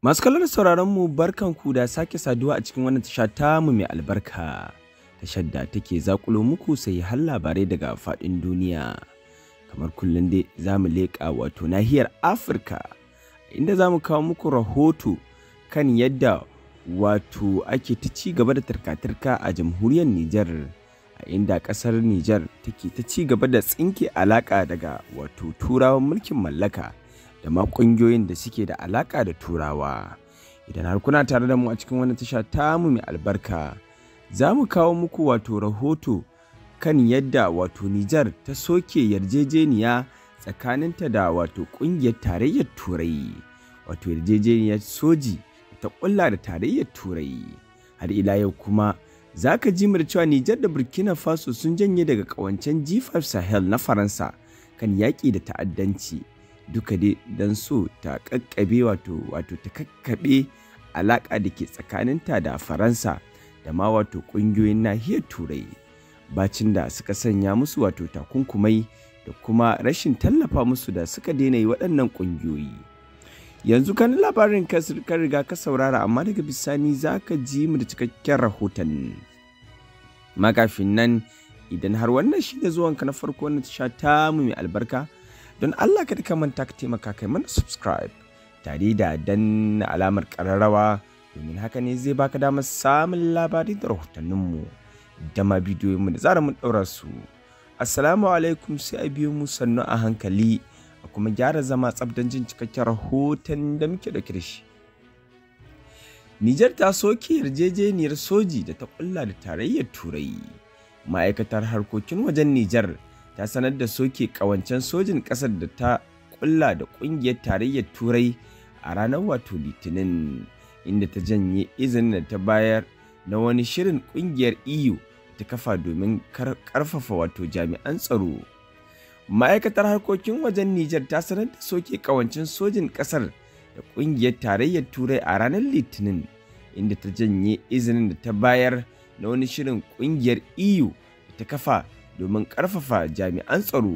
Masu kallon sauraronmu Barkanku barkan ku da sake saduwa a cikin wannan tasha ta mu mai albarka. Tashar da take zakulo muku sai har labarai daga faɗin duniya. Kamar kullum dai za mu leƙa wato nahiyar Afirka inda za mu kawo muku rahoto kan yadda wato ake ta ci gaba da tarka-tarka a jamhuriyar Nijar a inda ƙasar Nijar take ta ci gaba da tsinke alaƙa daga wato turawan mulkin mallaka. da ma ƙungiyoyin da suke da alaƙa da turawa idan har kuna tare da mu a cikin wani tasha tamu mai albarka za mu kawo muku wato rahoto kan yadda wato Nijar ta soke yarjejeniya tsakaninta da wato ƙungiyar tarayyar turai wato yarjejeniyar soji ta ƙulla da tarayyar turai har ila yau kuma za ka ji da cewa Nijar da Burkina Faso sun janye daga ƙawancen G5 Sahel na Faransa kan yaƙi da ta'addanci duka dai don so ta kakkabe wato wato ta kakkabe alaƙa da ke tsakaninta da faransa da ma wato ƙungiyoyin nahiyar turai bacin da suka sanya musu wato takunkumai da kuma rashin tallafa musu da suka daina yi waɗannan ƙungiyoyi yanzu kan labarin ka riga ka saurara amma daga bisani za ka ji mu da cikakken rahoton magafin nan idan har wannan shi da zuwanka na farko na tasha ta mu mai albarka don Allah ka ka manta ka taimaka kai mana subscribe tare da danna alamar ƙararrawa domin haka ne zai baka damar samun labari da rahotanninmu da ma bidiyoyinmu da zara mun ɗaura su assalamu alaikum sai a biyo mu sannu a hankali a kuma gyara zama tsabdan jin cikakken rahoton da muke ɗauke da shi Nijar ta soke yarjejeniyar soji da ta ƙulla da tarayyar Turai. Ma'aikatar harkokin wajen Nijar ta sanar da soke kawancen sojin kasar da ta kulla da kungiyar tarayyar turai a ranar wato litinin inda ta janye izinin da ta bayar na wani shirin kungiyar eu ta kafa domin karfafa wato jami'an tsaro ma'aikatar harkokin wajen nijar ta sanar da soke kawancen sojin kasar da kungiyar tarayyar turai a ranar litinin inda ta janye izinin da ta bayar na wani shirin kungiyar eu da ta kafa domin ƙarfafa jami'an tsaro.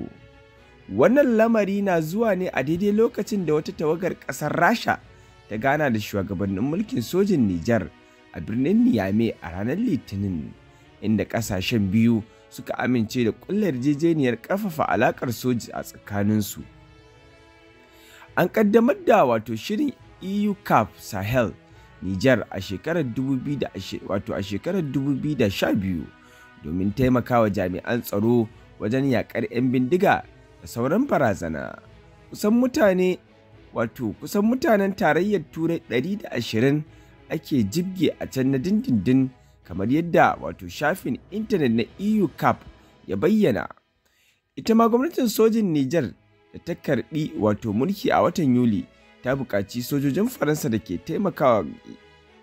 Wannan lamari na zuwa ne a daidai lokacin da wata tawagar ƙasar Rasha ta gana da shugabannin mulkin sojin Nijar a birnin Niamey a ranar Litinin, inda ƙasashen biyu suka amince da ƙulla yarjejeniyar ƙarfafa alaƙar soji a tsakaninsu. An ƙaddamar da wato shirin EU Cup Sahel Nijar a shekarar 2012 domin taimakawa jami'an tsaro wajen yakar 'yan bindiga da sauran barazana. Kusan mutane wato kusan mutanen tarayyar turai 120 ake jibge a can na dindindin kamar yadda wato shafin intanet na EU cap ya bayyana. Ita ma gwamnatin sojin Nijar da ta karbi wato mulki a watan Yuli ta buƙaci sojojin Faransa da ke taimakawa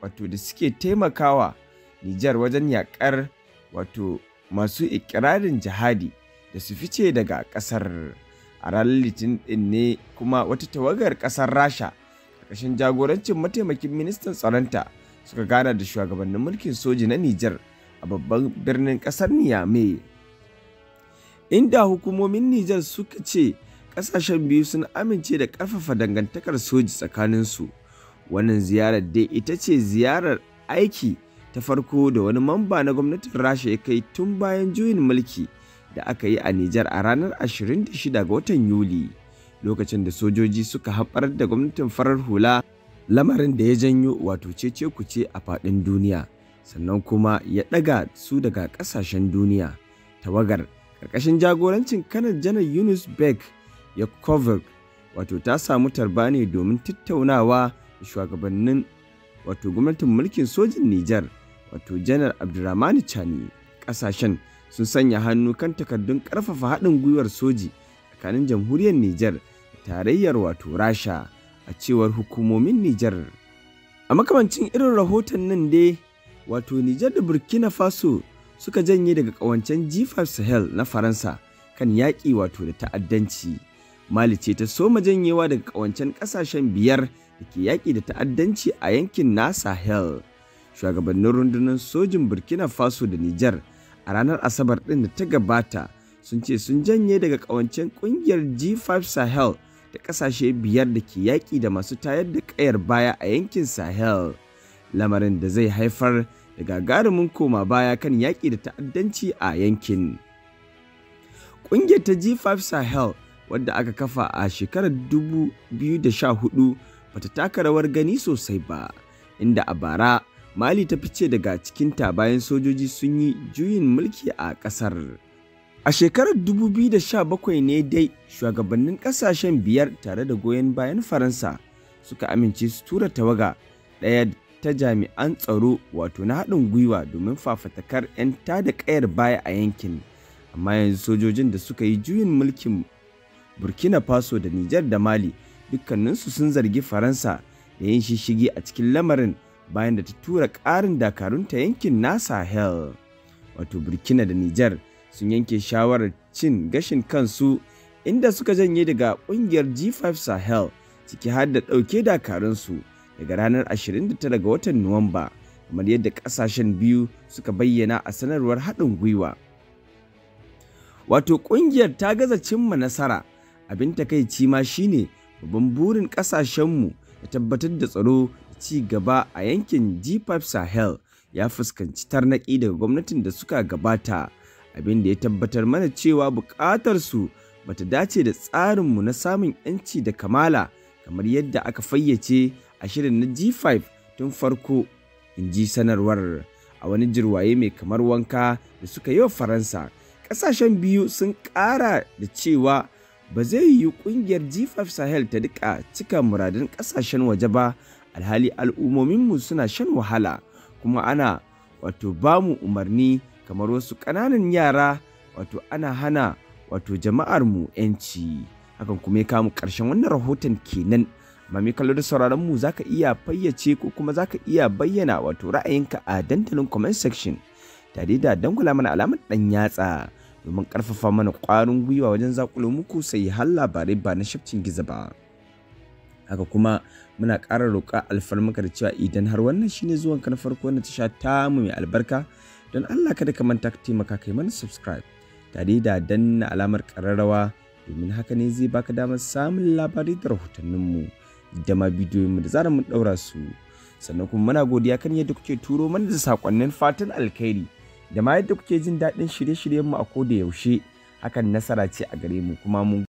wato da suke taimakawa Nijar wajen yakar. wato masu ikirarin jihadi da su fice daga kasar a ranar litinin din ne kuma wata tawagar kasar rasha ƙarshen jagorancin mataimakin ministan tsaronta suka gana da shugabannin mulkin soji na nijar a babban birnin ƙasar niyame inda hukumomin nijar suka ce kasashen biyu sun amince da karfafa dangantakar soji tsakaninsu wannan ziyarar dai ita ce ziyarar aiki ta farko da wani mamba na gwamnatin rasha ya kai tun bayan juyin mulki da aka yi a nijar a ranar 26 ga watan yuli lokacin da sojoji suka haɓar da gwamnatin farar hula lamarin da ya janyo wato cece kuce a faɗin duniya sannan kuma ya ɗaga su daga ƙasashen duniya tawagar ƙarƙashin jagorancin kanar janar yunus beck yakovic wato ta samu tarba ne domin tattaunawa da shugabannin wato gwamnatin mulkin sojin nijar wato janar abdulrahmani chani ƙasashen sun sanya hannu kan takardun ƙarfafa haɗin gwiwar soji tsakanin jamhuriyar nijar tarayyar wato rasha a cewar hukumomin nijar a makamancin irin rahoton nan dai wato nijar da burkina faso suka janye daga ƙawancen g5 sahel na faransa kan yaƙi wato da ta'addanci mali ce ta soma janyewa daga ƙawancen ƙasashen biyar da ke yaƙi da ta'addanci a yankin na sahel shugabannin rundunar sojin burkina faso da nijar a ranar asabar ɗin da ta gabata sun ce sun janye daga ƙawancen ƙungiyar g5 sahel da ƙasashe biyar da ke yaƙi da masu tayar da ƙayar baya a yankin sahel lamarin da zai haifar da gagarumin koma baya kan yaƙi da ta'addanci a yankin ƙungiyar ta g5 sahel wadda aka kafa a shekarar 2014 bata taka rawar gani sosai ba inda a bara Mali ta fice daga cikinta bayan sojoji sun yi juyin mulki a ƙasar. A shekarar 2017 ne dai shugabannin ƙasashen biyar tare da goyon bayan Faransa suka amince su tura tawaga ɗaya ta jami'an tsaro wato na haɗin gwiwa domin fafatakar 'yan tada ƙayar baya a yankin. Amma yanzu sojojin da suka yi juyin mulkin Burkina Faso da Nijar da Mali dukkaninsu sun zargi Faransa da yin shishigi a cikin lamarin bayan da ta tura ƙarin dakarunta yankin na Sahel. Wato Burkina da Nijar sun yanke shawarar cin gashin kansu inda suka janye daga ƙungiyar G5 Sahel ciki har da ɗauke dakarunsu daga ranar 29 ga watan Nuwamba kamar yadda ƙasashen biyu suka bayyana a sanarwar haɗin gwiwa. Wato ƙungiyar ta gaza cimma nasara abin takaici ma shine babban burin ƙasashenmu da tabbatar da tsaro ci gaba a yankin G5 Sahel ya fuskanci tarnaki daga gwamnatin da suka gabata, abin da ya tabbatar mana cewa bukatarsu bata dace da tsarinmu na samun 'yanci da kamala kamar yadda aka fayyace a shirin na G5 tun farko, in ji sanarwar a wani jirwaye mai kamar wanka da suka yi wa Faransa. Ƙasashen biyu sun ƙara da cewa ba zai yi ƙungiyar G5 Sahel ta duka cika muradin ƙasashen waje ba alhali al'ummominmu suna shan wahala kuma ana wato ba mu umarni kamar wasu ƙananan yara wato ana hana wato jama'armu 'yanci hakan kuma ya kamu ƙarshen wannan rahoton kenan amma mai kallo da sauraronmu za ka iya fayyace ko kuma za ka iya bayyana wato ra'ayinka a dandalin comment section tare da dangula mana alamar ɗan yatsa domin ƙarfafa mana ƙwarin gwiwa wajen zakulo muku sai har labarai ba na shafcin giza ba. haka kuma muna ƙara roƙa alfarmaka da cewa idan har wannan shine zuwan ka na farko na tasha mu mai albarka don Allah kada ka manta ka taimaka kai mana subscribe tare da danna alamar ƙararrawa domin haka ne zai baka damar samun labarai da rahotanninmu da ma bidiyoyinmu da zaran mun ɗaura su sannan kuma muna godiya kan yadda kuke turo mana da sakonnin fatan alkhairi da ma yadda kuke jin daɗin shirye shiryen mu a koda yaushe hakan nasara ce a gare mu kuma mun